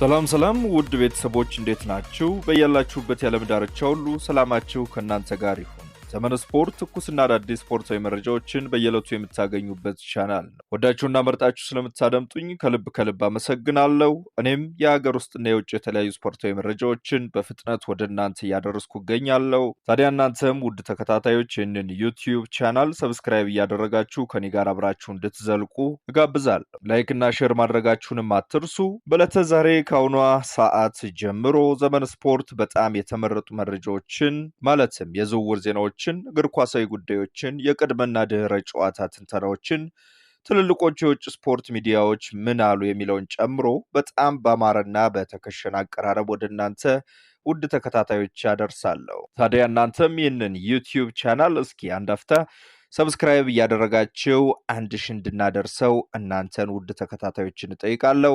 ሰላም ሰላም ውድ ቤተሰቦች እንዴት ናችሁ? በያላችሁበት የዓለም ዳርቻ ሁሉ ሰላማችሁ ከእናንተ ጋር ይሁን። ዘመነ ስፖርት ትኩስና አዳዲስ ስፖርታዊ መረጃዎችን በየዕለቱ የምታገኙበት ቻናል ነው። ወዳችሁና መርጣችሁ ስለምታደምጡኝ ከልብ ከልብ አመሰግናለሁ። እኔም የሀገር ውስጥና የውጭ የተለያዩ ስፖርታዊ መረጃዎችን በፍጥነት ወደ እናንተ እያደረስኩ እገኛለሁ። ታዲያ እናንተም ውድ ተከታታዮች ይህንን ዩቲዩብ ቻናል ሰብስክራይብ እያደረጋችሁ ከኔ ጋር አብራችሁ እንድትዘልቁ እጋብዛለሁ። ላይክና ሼር ማድረጋችሁንም አትርሱ። በዕለተ ዛሬ ከአሁኗ ሰዓት ጀምሮ ዘመነ ስፖርት በጣም የተመረጡ መረጃዎችን ማለትም የዝውውር ዜናዎች ጨዋታዎችን፣ እግር ኳሳዊ ጉዳዮችን፣ የቅድመና ድህረ ጨዋታ ትንተናዎችን፣ ትልልቆቹ የውጭ ስፖርት ሚዲያዎች ምን አሉ የሚለውን ጨምሮ በጣም በአማረና በተከሸን አቀራረብ ወደ እናንተ ውድ ተከታታዮች ያደርሳለሁ። ታዲያ እናንተም ይህንን ዩቲዩብ ቻናል እስኪ አንድ አፍታ ሰብስክራይብ እያደረጋችሁ አንድ ሺህ እንድናደርሰው እናንተን ውድ ተከታታዮችን እጠይቃለሁ።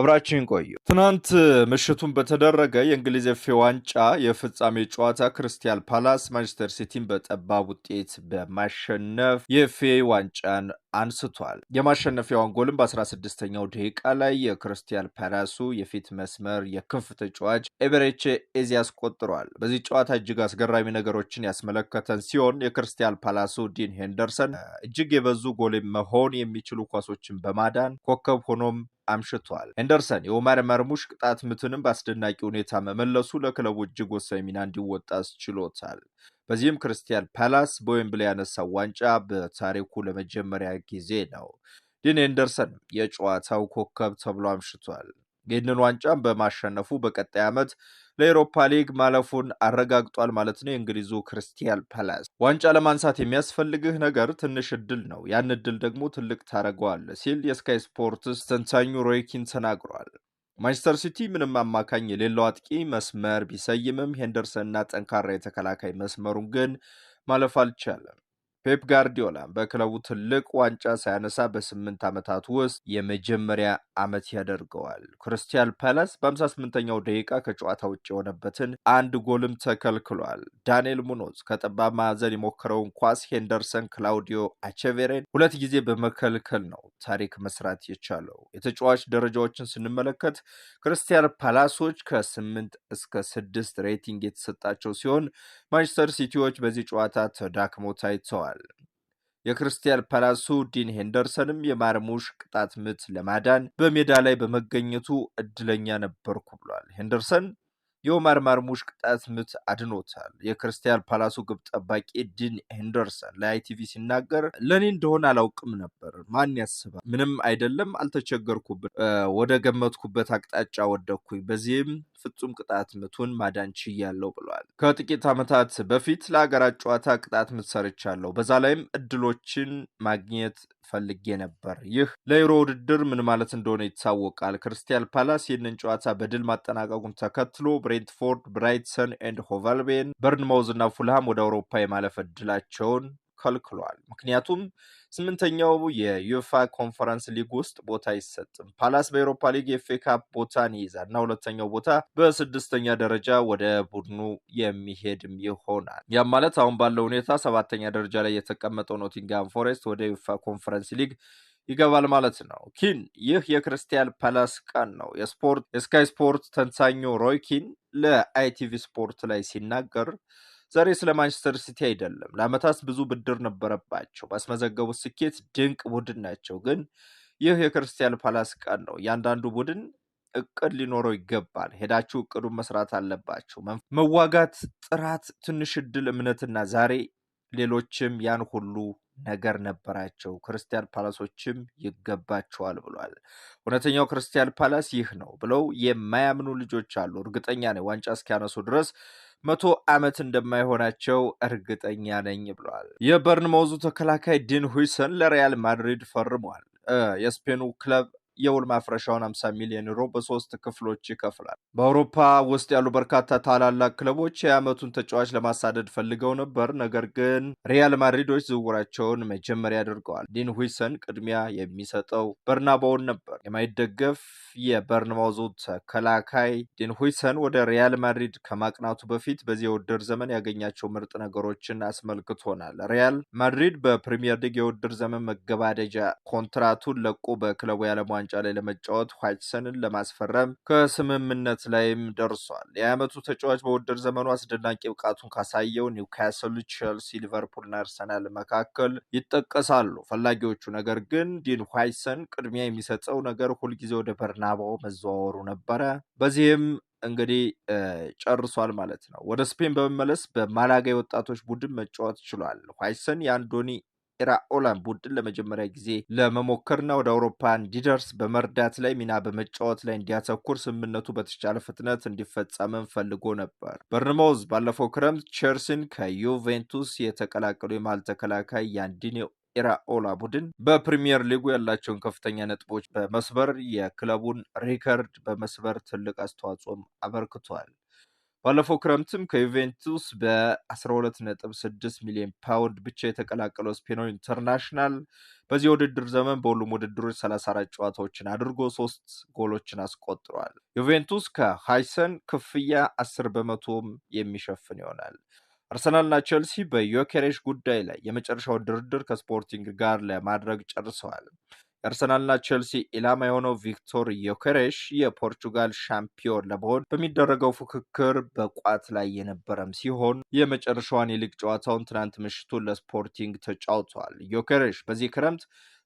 አብራችን ቆዩ። ትናንት ምሽቱን በተደረገ የእንግሊዝ ኤፍ ኤ ዋንጫ የፍጻሜ ጨዋታ ክሪስታል ፓላስ ማንቸስተር ሲቲን በጠባብ ውጤት በማሸነፍ የኤፍ ኤ ዋንጫን አንስቷል። የማሸነፊያውን ጎልም በ16ኛው ደቂቃ ላይ የክሪስታል ፓላሱ የፊት መስመር የክንፍ ተጫዋች ኤቤሬቺ ኤዜ አስቆጥሯል። በዚህ ጨዋታ እጅግ አስገራሚ ነገሮችን ያስመለከተን ሲሆን የክሪስታል ፓላሱ ዲን ሄንደርሰን እጅግ የበዙ ጎል መሆን የሚችሉ ኳሶችን በማዳን ኮከብ ሆኖም አምሽቷል። ኤንደርሰን የኦማር መርሙሽ ቅጣት ምትንም በአስደናቂ ሁኔታ መመለሱ ለክለቡ እጅግ ወሳኝ ሚና እንዲወጣ ችሎታል። በዚህም ክርስቲያን ፓላስ በዌምብሊ ያነሳው ዋንጫ በታሪኩ ለመጀመሪያ ጊዜ ነው። ዲን ሄንደርሰን የጨዋታው ኮከብ ተብሎ አምሽቷል። ይህንን ዋንጫም በማሸነፉ በቀጣይ ዓመት ለኤሮፓ ሊግ ማለፉን አረጋግጧል ማለት ነው። የእንግሊዙ ክርስቲያል ፓላስ ዋንጫ ለማንሳት የሚያስፈልግህ ነገር ትንሽ እድል ነው፣ ያን እድል ደግሞ ትልቅ ታደረገዋል ሲል የስካይ ስፖርትስ ተንታኙ ሮይኪን ተናግሯል። ማንቸስተር ሲቲ ምንም አማካኝ የሌለው አጥቂ መስመር ቢሰይምም ሄንደርሰንና ጠንካራ የተከላካይ መስመሩን ግን ማለፍ አልቻለም። ፔፕ ጋርዲዮላ በክለቡ ትልቅ ዋንጫ ሳያነሳ በስምንት ዓመታት ውስጥ የመጀመሪያ ዓመት ያደርገዋል። ክሪስታል ፓላስ በ58ኛው ደቂቃ ከጨዋታ ውጭ የሆነበትን አንድ ጎልም ተከልክሏል። ዳንኤል ሙኖዝ ከጠባብ ማዕዘን የሞከረውን ኳስ ሄንደርሰን ክላውዲዮ አቸቬሬን ሁለት ጊዜ በመከልከል ነው ታሪክ መስራት የቻለው። የተጫዋች ደረጃዎችን ስንመለከት ክሪስታል ፓላሶች ከ8 እስከ 6 ሬቲንግ የተሰጣቸው ሲሆን ማንቸስተር ሲቲዎች በዚህ ጨዋታ ተዳክመው ታይተዋል። ተገኝተዋል። የክሪስታል ፓላሱ ዲን ሄንደርሰንም የማርሙሽ ቅጣት ምት ለማዳን በሜዳ ላይ በመገኘቱ እድለኛ ነበርኩ ብሏል። ሄንደርሰን የኦማር ማርሙሽ ቅጣት ምት አድኖታል። የክሪስታል ፓላሱ ግብ ጠባቂ ዲን ሄንደርሰን ለአይቲቪ ሲናገር ለእኔ እንደሆነ አላውቅም ነበር፣ ማን ያስባል? ምንም አይደለም፣ አልተቸገርኩብን። ወደ ገመትኩበት አቅጣጫ ወደኩኝ። በዚህም ፍጹም ቅጣት ምቱን ማዳን ችያለሁ ብሏል። ከጥቂት ዓመታት በፊት ለሀገራት ጨዋታ ቅጣት ምት ሰርቻለሁ። በዛ ላይም እድሎችን ማግኘት ፈልጌ ነበር። ይህ ለዩሮ ውድድር ምን ማለት እንደሆነ ይታወቃል። ክርስቲያል ፓላስ ይህንን ጨዋታ በድል ማጠናቀቁን ተከትሎ ብሬንትፎርድ፣ ብራይትሰን ኤንድ ሆቫልቤን፣ በርንማውዝ እና ፉልሃም ወደ አውሮፓ የማለፍ እድላቸውን ከልክሏል። ምክንያቱም ስምንተኛው የዩፋ ኮንፈረንስ ሊግ ውስጥ ቦታ አይሰጥም። ፓላስ በኤሮፓ ሊግ የኤፍኤ ካፕ ቦታን ይይዛል እና ሁለተኛው ቦታ በስድስተኛ ደረጃ ወደ ቡድኑ የሚሄድም ይሆናል። ያም ማለት አሁን ባለው ሁኔታ ሰባተኛ ደረጃ ላይ የተቀመጠው ኖቲንጋም ፎሬስት ወደ ዩፋ ኮንፈረንስ ሊግ ይገባል ማለት ነው። ኪን ይህ የክርስቲያል ፓላስ ቀን ነው። የስፖርት የስካይ ስፖርት ተንታኙ ሮይ ኪን ለአይቲቪ ስፖርት ላይ ሲናገር ዛሬ ስለ ማንቸስተር ሲቲ አይደለም። ለአመታት ብዙ ብድር ነበረባቸው። ባስመዘገቡት ስኬት ድንቅ ቡድን ናቸው። ግን ይህ የክርስቲያን ፓላስ ቀን ነው። እያንዳንዱ ቡድን እቅድ ሊኖረው ይገባል። ሄዳችሁ እቅዱን መስራት አለባችሁ። መዋጋት፣ ጥራት፣ ትንሽ እድል፣ እምነትና ዛሬ ሌሎችም ያን ሁሉ ነገር ነበራቸው። ክርስቲያን ፓላሶችም ይገባቸዋል ብሏል። እውነተኛው ክርስቲያን ፓላስ ይህ ነው ብለው የማያምኑ ልጆች አሉ። እርግጠኛ ነኝ ዋንጫ እስኪያነሱ ድረስ መቶ ዓመት እንደማይሆናቸው እርግጠኛ ነኝ ብለዋል። የበርንመውዙ ተከላካይ ዲን ሁይሰን ለሪያል ማድሪድ ፈርሟል። የስፔኑ ክለብ የውል ማፍረሻውን 50 ሚሊዮን ዩሮ በሶስት ክፍሎች ይከፍላል። በአውሮፓ ውስጥ ያሉ በርካታ ታላላቅ ክለቦች የዓመቱን ተጫዋች ለማሳደድ ፈልገው ነበር። ነገር ግን ሪያል ማድሪዶች ዝውውራቸውን መጀመሪያ አድርገዋል። ዲን ሁይሰን ቅድሚያ የሚሰጠው በርናባውን ነበር። የማይደገፍ የበርንማውዙ ተከላካይ ዲን ሁይሰን ወደ ሪያል ማድሪድ ከማቅናቱ በፊት በዚህ የውድድር ዘመን ያገኛቸው ምርጥ ነገሮችን አስመልክቶናል። ሪያል ማድሪድ በፕሪሚየር ሊግ የውድድር ዘመን መገባደጃ ኮንትራቱን ለቆ በክለቡ ያለሟ ዋንጫ ላይ ለመጫወት ዋይትሰንን ለማስፈረም ከስምምነት ላይም ደርሷል። የአመቱ ተጫዋች በውድድር ዘመኑ አስደናቂ ብቃቱን ካሳየው ኒውካስል፣ ቼልሲ፣ ሊቨርፑልና አርሰናል መካከል ይጠቀሳሉ ፈላጊዎቹ። ነገር ግን ዲን ዋይትሰን ቅድሚያ የሚሰጠው ነገር ሁልጊዜ ወደ በርናባው መዘዋወሩ ነበረ። በዚህም እንግዲህ ጨርሷል ማለት ነው። ወደ ስፔን በመመለስ በማላጋ ወጣቶች ቡድን መጫወት ችሏል። ዋይሰን የአንዶኒ ኦላንድ ቡድን ለመጀመሪያ ጊዜ ለመሞከርና ወደ አውሮፓ እንዲደርስ በመርዳት ላይ ሚና በመጫወት ላይ እንዲያተኩር ስምምነቱ በተቻለ ፍጥነት እንዲፈጸምን ፈልጎ ነበር። በርንሞዝ ባለፈው ክረምት ቼልሲን ከዩቬንቱስ የተቀላቀሉ የመሃል ተከላካይ ያንዲኔ ኢራኦላ ቡድን በፕሪምየር ሊጉ ያላቸውን ከፍተኛ ነጥቦች በመስበር የክለቡን ሪከርድ በመስበር ትልቅ አስተዋጽኦም አበርክቷል። ባለፈው ክረምትም ከዩቬንቱስ በ12.6 ሚሊዮን ፓውንድ ብቻ የተቀላቀለው ስፔናዊ ኢንተርናሽናል በዚህ የውድድር ዘመን በሁሉም ውድድሮች 34 ጨዋታዎችን አድርጎ ሶስት ጎሎችን አስቆጥሯል። ዩቬንቱስ ከሃይሰን ክፍያ 10 በመቶም የሚሸፍን ይሆናል። አርሰናልና ቼልሲ በዮኬሬሽ ጉዳይ ላይ የመጨረሻው ድርድር ከስፖርቲንግ ጋር ለማድረግ ጨርሰዋል። የአርሰናልና ቼልሲ ኢላማ የሆነው ቪክቶር ዮኬሬሽ የፖርቹጋል ሻምፒዮን ለመሆን በሚደረገው ፉክክር በቋት ላይ የነበረም ሲሆን የመጨረሻዋን የሊግ ጨዋታውን ትናንት ምሽቱን ለስፖርቲንግ ተጫውቷል። ዮኬሬሽ በዚህ ክረምት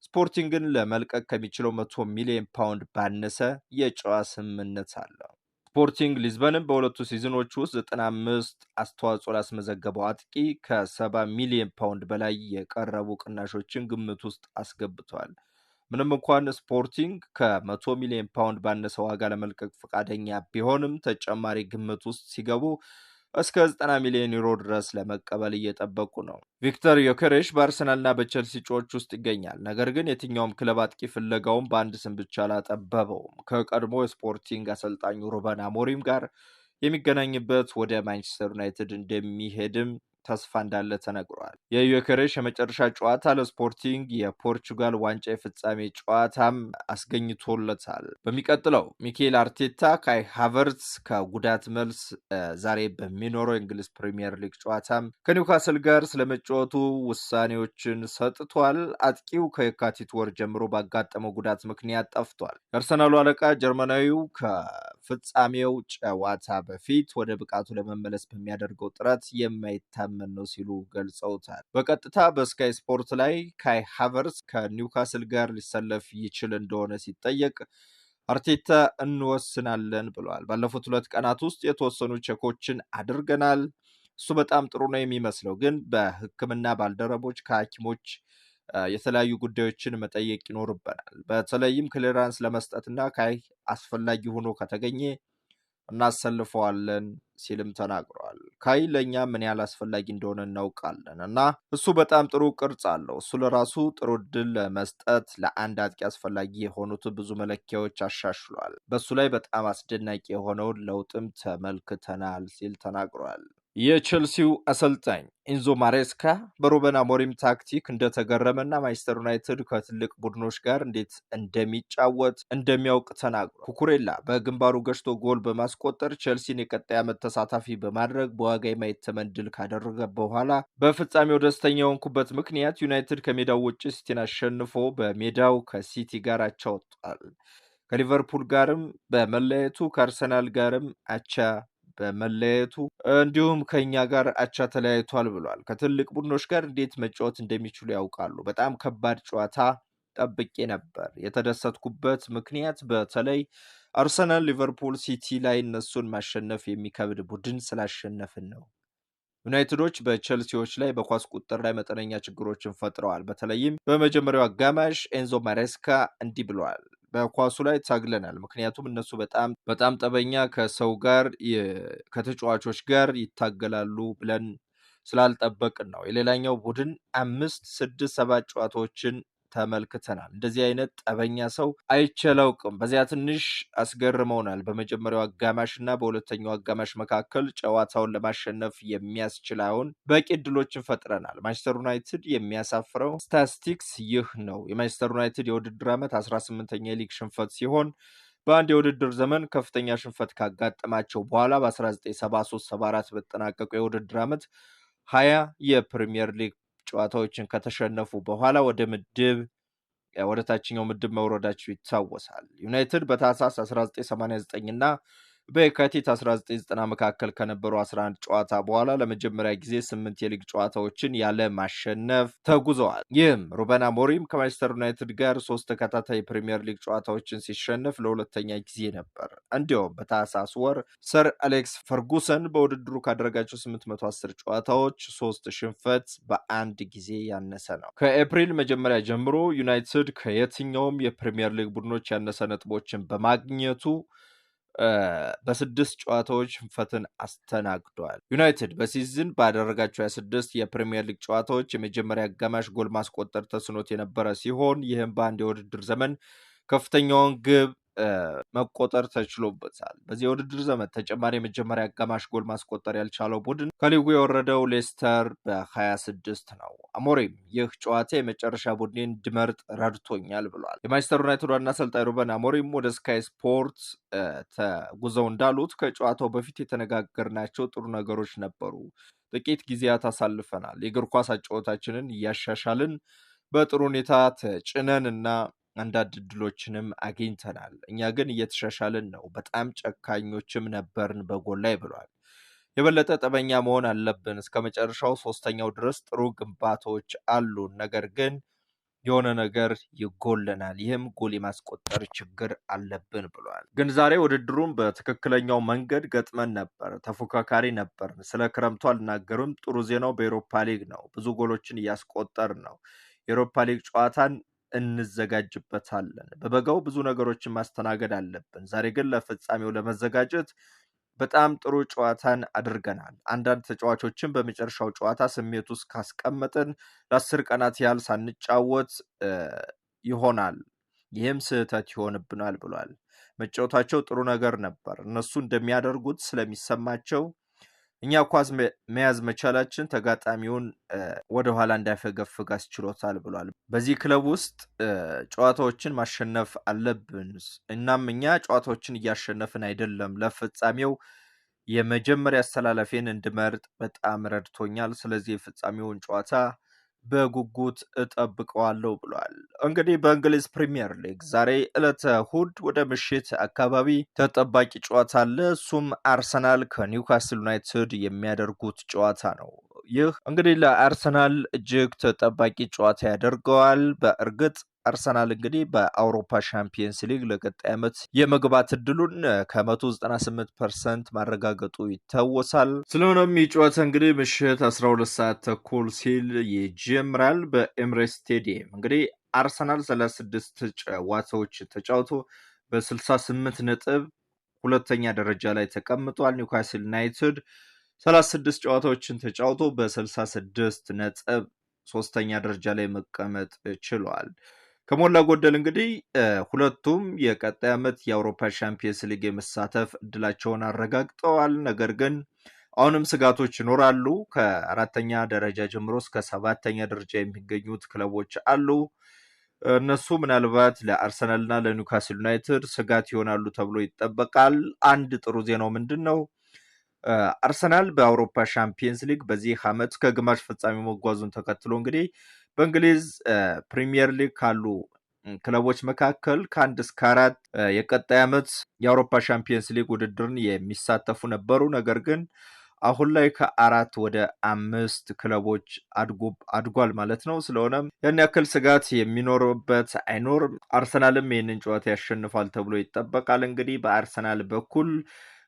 ስፖርቲንግን ለመልቀቅ ከሚችለው መቶ ሚሊዮን ፓውንድ ባነሰ የጨዋ ስምምነት አለው። ስፖርቲንግ ሊዝበንም በሁለቱ ሲዝኖች ውስጥ 95 አስተዋጽኦ ላስመዘገበው አጥቂ ከ70 ሚሊዮን ፓውንድ በላይ የቀረቡ ቅናሾችን ግምት ውስጥ አስገብቷል። ምንም እንኳን ስፖርቲንግ ከመቶ ሚሊዮን ፓውንድ ባነሰ ዋጋ ለመልቀቅ ፈቃደኛ ቢሆንም ተጨማሪ ግምት ውስጥ ሲገቡ እስከ 90 ሚሊዮን ዩሮ ድረስ ለመቀበል እየጠበቁ ነው። ቪክተር ዮከሬሽ በአርሰናልና በቸልሲ ጩዎች ውስጥ ይገኛል። ነገር ግን የትኛውም ክለብ አጥቂ ፍለጋውም በአንድ ስም ብቻ አላጠበበውም። ከቀድሞ የስፖርቲንግ አሰልጣኙ ሩበን አሞሪም ጋር የሚገናኝበት ወደ ማንቸስተር ዩናይትድ እንደሚሄድም ተስፋ እንዳለ ተነግሯል። የዩክሬሽ የመጨረሻ ጨዋታ ለስፖርቲንግ የፖርቹጋል ዋንጫ የፍጻሜ ጨዋታም አስገኝቶለታል። በሚቀጥለው ሚኬል አርቴታ ካይ ሃቨርትስ ከጉዳት መልስ ዛሬ በሚኖረው የእንግሊዝ ፕሪሚየር ሊግ ጨዋታም ከኒውካስል ጋር ስለመጫወቱ ውሳኔዎችን ሰጥቷል። አጥቂው ከየካቲት ወር ጀምሮ ባጋጠመው ጉዳት ምክንያት ጠፍቷል። የአርሰናሉ አለቃ ጀርመናዊው ከፍጻሜው ጨዋታ በፊት ወደ ብቃቱ ለመመለስ በሚያደርገው ጥረት የማይታ የሚታመን ነው ሲሉ ገልጸውታል። በቀጥታ በስካይ ስፖርት ላይ ካይ ሃቨርስ ከኒውካስል ጋር ሊሰለፍ ይችል እንደሆነ ሲጠየቅ አርቴታ እንወስናለን ብለዋል። ባለፉት ሁለት ቀናት ውስጥ የተወሰኑ ቼኮችን አድርገናል። እሱ በጣም ጥሩ ነው የሚመስለው፣ ግን በሕክምና ባልደረቦች ከሐኪሞች የተለያዩ ጉዳዮችን መጠየቅ ይኖርበናል። በተለይም ክሊራንስ ለመስጠትና ካይ አስፈላጊ ሆኖ ከተገኘ እናሰልፈዋለን ሲልም ተናግረዋል። ካይ ለእኛ ምን ያህል አስፈላጊ እንደሆነ እናውቃለን እና እሱ በጣም ጥሩ ቅርጽ አለው። እሱ ለራሱ ጥሩ እድል ለመስጠት ለአንድ አጥቂ አስፈላጊ የሆኑት ብዙ መለኪያዎች አሻሽሏል። በእሱ ላይ በጣም አስደናቂ የሆነውን ለውጥም ተመልክተናል ሲል ተናግሯል። የቼልሲው አሰልጣኝ ኢንዞ ማሬስካ በሩበን አሞሪም ታክቲክ እንደተገረመና ማንችስተር ዩናይትድ ከትልቅ ቡድኖች ጋር እንዴት እንደሚጫወት እንደሚያውቅ ተናግሯል። ኩኩሬላ በግንባሩ ገጭቶ ጎል በማስቆጠር ቼልሲን የቀጣይ ዓመት ተሳታፊ በማድረግ በዋጋ የማይተመን ድል ካደረገ በኋላ በፍጻሜው ደስተኛ የሆንኩበት ምክንያት ዩናይትድ ከሜዳው ውጭ ሲቲን አሸንፎ በሜዳው ከሲቲ ጋር አቻ ወጥቷል። ከሊቨርፑል ጋርም በመለያየቱ ከአርሰናል ጋርም አቻ በመለያየቱ እንዲሁም ከኛ ጋር አቻ ተለያይቷል ብሏል። ከትልቅ ቡድኖች ጋር እንዴት መጫወት እንደሚችሉ ያውቃሉ። በጣም ከባድ ጨዋታ ጠብቄ ነበር። የተደሰትኩበት ምክንያት በተለይ አርሰናል፣ ሊቨርፑል፣ ሲቲ ላይ እነሱን ማሸነፍ የሚከብድ ቡድን ስላሸነፍን ነው። ዩናይትዶች በቸልሲዎች ላይ በኳስ ቁጥር ላይ መጠነኛ ችግሮችን ፈጥረዋል። በተለይም በመጀመሪያው አጋማሽ ኤንዞ ማሬስካ እንዲህ ብለዋል። በኳሱ ላይ ታግለናል። ምክንያቱም እነሱ በጣም በጣም ጠበኛ ከሰው ጋር ከተጫዋቾች ጋር ይታገላሉ ብለን ስላልጠበቅን ነው። የሌላኛው ቡድን አምስት ስድስት ሰባት ጨዋታዎችን ተመልክተናል። እንደዚህ አይነት ጠበኛ ሰው አይቼ በዚያ ትንሽ አስገርመውናል። በመጀመሪያው አጋማሽ እና በሁለተኛው አጋማሽ መካከል ጨዋታውን ለማሸነፍ የሚያስችላውን በቂ እድሎችን ፈጥረናል። ማንቸስተር ዩናይትድ የሚያሳፍረው ስታስቲክስ ይህ ነው። የማንቸስተር ዩናይትድ የውድድር ዓመት 18ኛ የሊግ ሽንፈት ሲሆን በአንድ የውድድር ዘመን ከፍተኛ ሽንፈት ካጋጠማቸው በኋላ በ1973/74 የውድድር ዓመት ሀያ የፕሪምየር ሊግ ጨዋታዎችን ከተሸነፉ በኋላ ወደ ምድብ ወደ ታችኛው ምድብ መውረዳቸው ይታወሳል። ዩናይትድ በታሳስ 1989 እና በየካቲት 1990 መካከል ከነበሩ 11 ጨዋታ በኋላ ለመጀመሪያ ጊዜ ስምንት የሊግ ጨዋታዎችን ያለ ማሸነፍ ተጉዘዋል። ይህም ሩበን አሞሪም ከማንቸስተር ዩናይትድ ጋር ሶስት ተከታታይ የፕሪምየር ሊግ ጨዋታዎችን ሲሸነፍ ለሁለተኛ ጊዜ ነበር። እንዲሁም በታህሳስ ወር ሰር አሌክስ ፈርጉሰን በውድድሩ ካደረጋቸው 810 ጨዋታዎች ሶስት ሽንፈት በአንድ ጊዜ ያነሰ ነው። ከኤፕሪል መጀመሪያ ጀምሮ ዩናይትድ ከየትኛውም የፕሪምየር ሊግ ቡድኖች ያነሰ ነጥቦችን በማግኘቱ በስድስት ጨዋታዎች ፈትን አስተናግደዋል። ዩናይትድ በሲዝን ባደረጋቸው የስድስት የፕሪምየር ሊግ ጨዋታዎች የመጀመሪያ አጋማሽ ጎል ማስቆጠር ተስኖት የነበረ ሲሆን ይህም በአንድ የውድድር ዘመን ከፍተኛውን ግብ መቆጠር ተችሎበታል። በዚህ የውድድር ዘመን ተጨማሪ የመጀመሪያ አጋማሽ ጎል ማስቆጠር ያልቻለው ቡድን ከሊጉ የወረደው ሌስተር በ26 ነው። አሞሪም ይህ ጨዋታ የመጨረሻ ቡድኔን ድመርጥ ረድቶኛል ብሏል። የማንቸስተር ዩናይትድ ዋና አሰልጣኝ ሩበን አሞሪም ወደ ስካይ ስፖርት ተጉዘው እንዳሉት ከጨዋታው በፊት የተነጋገርናቸው ጥሩ ነገሮች ነበሩ። ጥቂት ጊዜያት አሳልፈናል። የእግር ኳስ አጫወታችንን እያሻሻልን በጥሩ ሁኔታ ተጭነን እና አንዳንድ እድሎችንም አግኝተናል። እኛ ግን እየተሻሻልን ነው። በጣም ጨካኞችም ነበርን በጎል ላይ ብሏል። የበለጠ ጠበኛ መሆን አለብን። እስከ መጨረሻው ሶስተኛው ድረስ ጥሩ ግንባታዎች አሉ። ነገር ግን የሆነ ነገር ይጎለናል። ይህም ጎል የማስቆጠር ችግር አለብን ብሏል። ግን ዛሬ ውድድሩን በትክክለኛው መንገድ ገጥመን ነበር። ተፎካካሪ ነበርን። ስለ ክረምቱ አልናገርም። ጥሩ ዜናው በኤሮፓ ሊግ ነው። ብዙ ጎሎችን እያስቆጠር ነው። የኤሮፓ ሊግ ጨዋታን እንዘጋጅበታለን። በበጋው ብዙ ነገሮችን ማስተናገድ አለብን። ዛሬ ግን ለፍጻሜው ለመዘጋጀት በጣም ጥሩ ጨዋታን አድርገናል። አንዳንድ ተጫዋቾችን በመጨረሻው ጨዋታ ስሜት ውስጥ ካስቀመጥን ለአስር ቀናት ያህል ሳንጫወት ይሆናል። ይህም ስህተት ይሆንብናል ብሏል። መጫወታቸው ጥሩ ነገር ነበር። እነሱ እንደሚያደርጉት ስለሚሰማቸው እኛ ኳስ መያዝ መቻላችን ተጋጣሚውን ወደኋላ እንዳይፈገፍግ አስችሎታል ብሏል። በዚህ ክለብ ውስጥ ጨዋታዎችን ማሸነፍ አለብን። እናም እኛ ጨዋታዎችን እያሸነፍን አይደለም። ለፍጻሜው የመጀመሪያ አስተላለፌን እንድመርጥ በጣም ረድቶኛል። ስለዚህ የፍጻሜውን ጨዋታ በጉጉት እጠብቀዋለሁ ብሏል። እንግዲህ በእንግሊዝ ፕሪምየር ሊግ ዛሬ ዕለተ እሁድ ወደ ምሽት አካባቢ ተጠባቂ ጨዋታ አለ። እሱም አርሰናል ከኒውካስል ዩናይትድ የሚያደርጉት ጨዋታ ነው። ይህ እንግዲህ ለአርሰናል እጅግ ተጠባቂ ጨዋታ ያደርገዋል። በእርግጥ አርሰናል እንግዲህ በአውሮፓ ሻምፒየንስ ሊግ ለቀጣይ ዓመት የመግባት እድሉን ከ198 ፐርሰንት ማረጋገጡ ይታወሳል። ስለሆነም የጨዋታ እንግዲህ ምሽት 12 ሰዓት ተኩል ሲል ይጀምራል በኤምሬ ስቴዲየም። እንግዲህ አርሰናል 36 ጨዋታዎች ተጫውቶ በ68 ነጥብ ሁለተኛ ደረጃ ላይ ተቀምጧል። ኒውካስል ዩናይትድ 36 ጨዋታዎችን ተጫውቶ በ66 ነጥብ ሶስተኛ ደረጃ ላይ መቀመጥ ችሏል። ከሞላ ጎደል እንግዲህ ሁለቱም የቀጣይ ዓመት የአውሮፓ ሻምፒየንስ ሊግ የመሳተፍ እድላቸውን አረጋግጠዋል። ነገር ግን አሁንም ስጋቶች ይኖራሉ። ከአራተኛ ደረጃ ጀምሮ እስከ ሰባተኛ ደረጃ የሚገኙት ክለቦች አሉ። እነሱ ምናልባት ለአርሰናልና ለኒውካስል ዩናይትድ ስጋት ይሆናሉ ተብሎ ይጠበቃል። አንድ ጥሩ ዜናው ምንድን ነው? አርሰናል በአውሮፓ ሻምፒየንስ ሊግ በዚህ ዓመት ከግማሽ ፍጻሜ መጓዙን ተከትሎ እንግዲህ በእንግሊዝ ፕሪሚየር ሊግ ካሉ ክለቦች መካከል ከአንድ እስከ አራት የቀጣይ ዓመት የአውሮፓ ሻምፒየንስ ሊግ ውድድርን የሚሳተፉ ነበሩ። ነገር ግን አሁን ላይ ከአራት ወደ አምስት ክለቦች አድጓል ማለት ነው። ስለሆነም ያን ያክል ስጋት የሚኖርበት አይኖርም። አርሰናልም ይህንን ጨዋታ ያሸንፋል ተብሎ ይጠበቃል። እንግዲህ በአርሰናል በኩል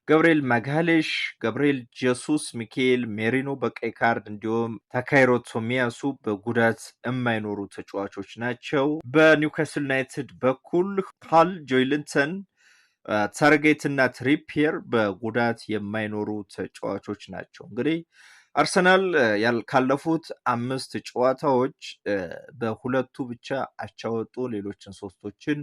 ገብርኤል ማጋሌሽ፣ ገብርኤል ጀሱስ፣ ሚካኤል ሜሪኖ በቀይ ካርድ እንዲሁም ታካይሮ ቶሚያሱ በጉዳት የማይኖሩ ተጫዋቾች ናቸው። በኒውካስል ዩናይትድ በኩል ፓል ጆይልንተን፣ ታርጌት እና ትሪፒየር በጉዳት የማይኖሩ ተጫዋቾች ናቸው። እንግዲህ አርሰናል ካለፉት አምስት ጨዋታዎች በሁለቱ ብቻ አቻወጡ፣ ሌሎችን ሶስቶችን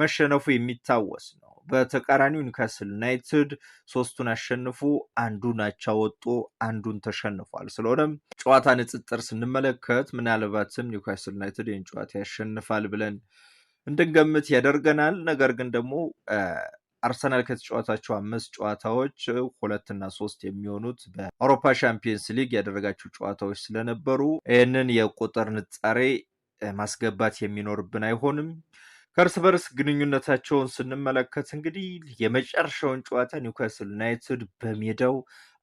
መሸነፉ የሚታወስ ነው። በተቃራኒው ኒውካስል ዩናይትድ ሶስቱን አሸንፎ አንዱን አቻ ወጦ አንዱን ተሸንፏል። ስለሆነም ጨዋታ ንጽጥር ስንመለከት ምናልባትም ኒውካስል ዩናይትድ ይህን ጨዋታ ያሸንፋል ብለን እንድንገምት ያደርገናል። ነገር ግን ደግሞ አርሰናል ከተጫዋታቸው አምስት ጨዋታዎች ሁለትና ሶስት የሚሆኑት በአውሮፓ ሻምፒየንስ ሊግ ያደረጋቸው ጨዋታዎች ስለነበሩ ይህንን የቁጥር ንጣሬ ማስገባት የሚኖርብን አይሆንም። ከእርስ በርስ ግንኙነታቸውን ስንመለከት እንግዲህ የመጨረሻውን ጨዋታ ኒውካስል ዩናይትድ በሜዳው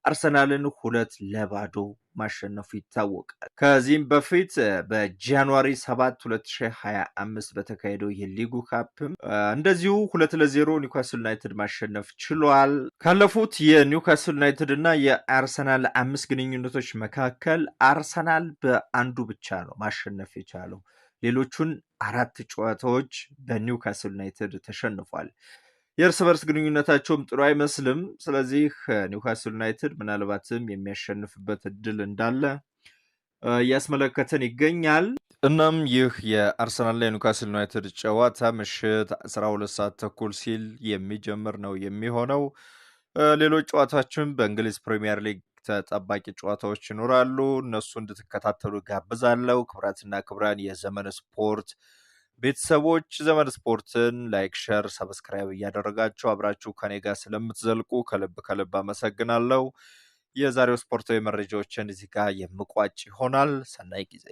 አርሰናልን ሁለት ለባዶ ማሸነፉ ይታወቃል። ከዚህም በፊት በጃንዋሪ 7 2025 በተካሄደው የሊጉ ካፕም እንደዚሁ ሁለት ለዜሮ ኒውካስል ዩናይትድ ማሸነፍ ችሏል። ካለፉት የኒውካስል ዩናይትድ እና የአርሰናል አምስት ግንኙነቶች መካከል አርሰናል በአንዱ ብቻ ነው ማሸነፍ የቻለው። ሌሎቹን አራት ጨዋታዎች በኒውካስል ዩናይትድ ተሸንፏል። የእርስ በርስ ግንኙነታቸውም ጥሩ አይመስልም። ስለዚህ ኒውካስል ዩናይትድ ምናልባትም የሚያሸንፍበት እድል እንዳለ እያስመለከተን ይገኛል። እናም ይህ የአርሰናልና የኒውካስል ዩናይትድ ጨዋታ ምሽት 12 ሰዓት ተኩል ሲል የሚጀምር ነው የሚሆነው። ሌሎች ጨዋታችን በእንግሊዝ ፕሪሚየር ሊግ ተጠባቂ ጨዋታዎች ይኖራሉ። እነሱ እንድትከታተሉ ጋብዛለሁ። ክብራትና ክብራን የዘመን ስፖርት ቤተሰቦች ዘመን ስፖርትን ላይክ፣ ሸር፣ ሰብስክራይብ እያደረጋችሁ አብራችሁ ከኔ ጋር ስለምትዘልቁ ከልብ ከልብ አመሰግናለሁ። የዛሬው ስፖርታዊ መረጃዎችን እዚህ ጋር የምቋጭ ይሆናል። ሰናይ ጊዜ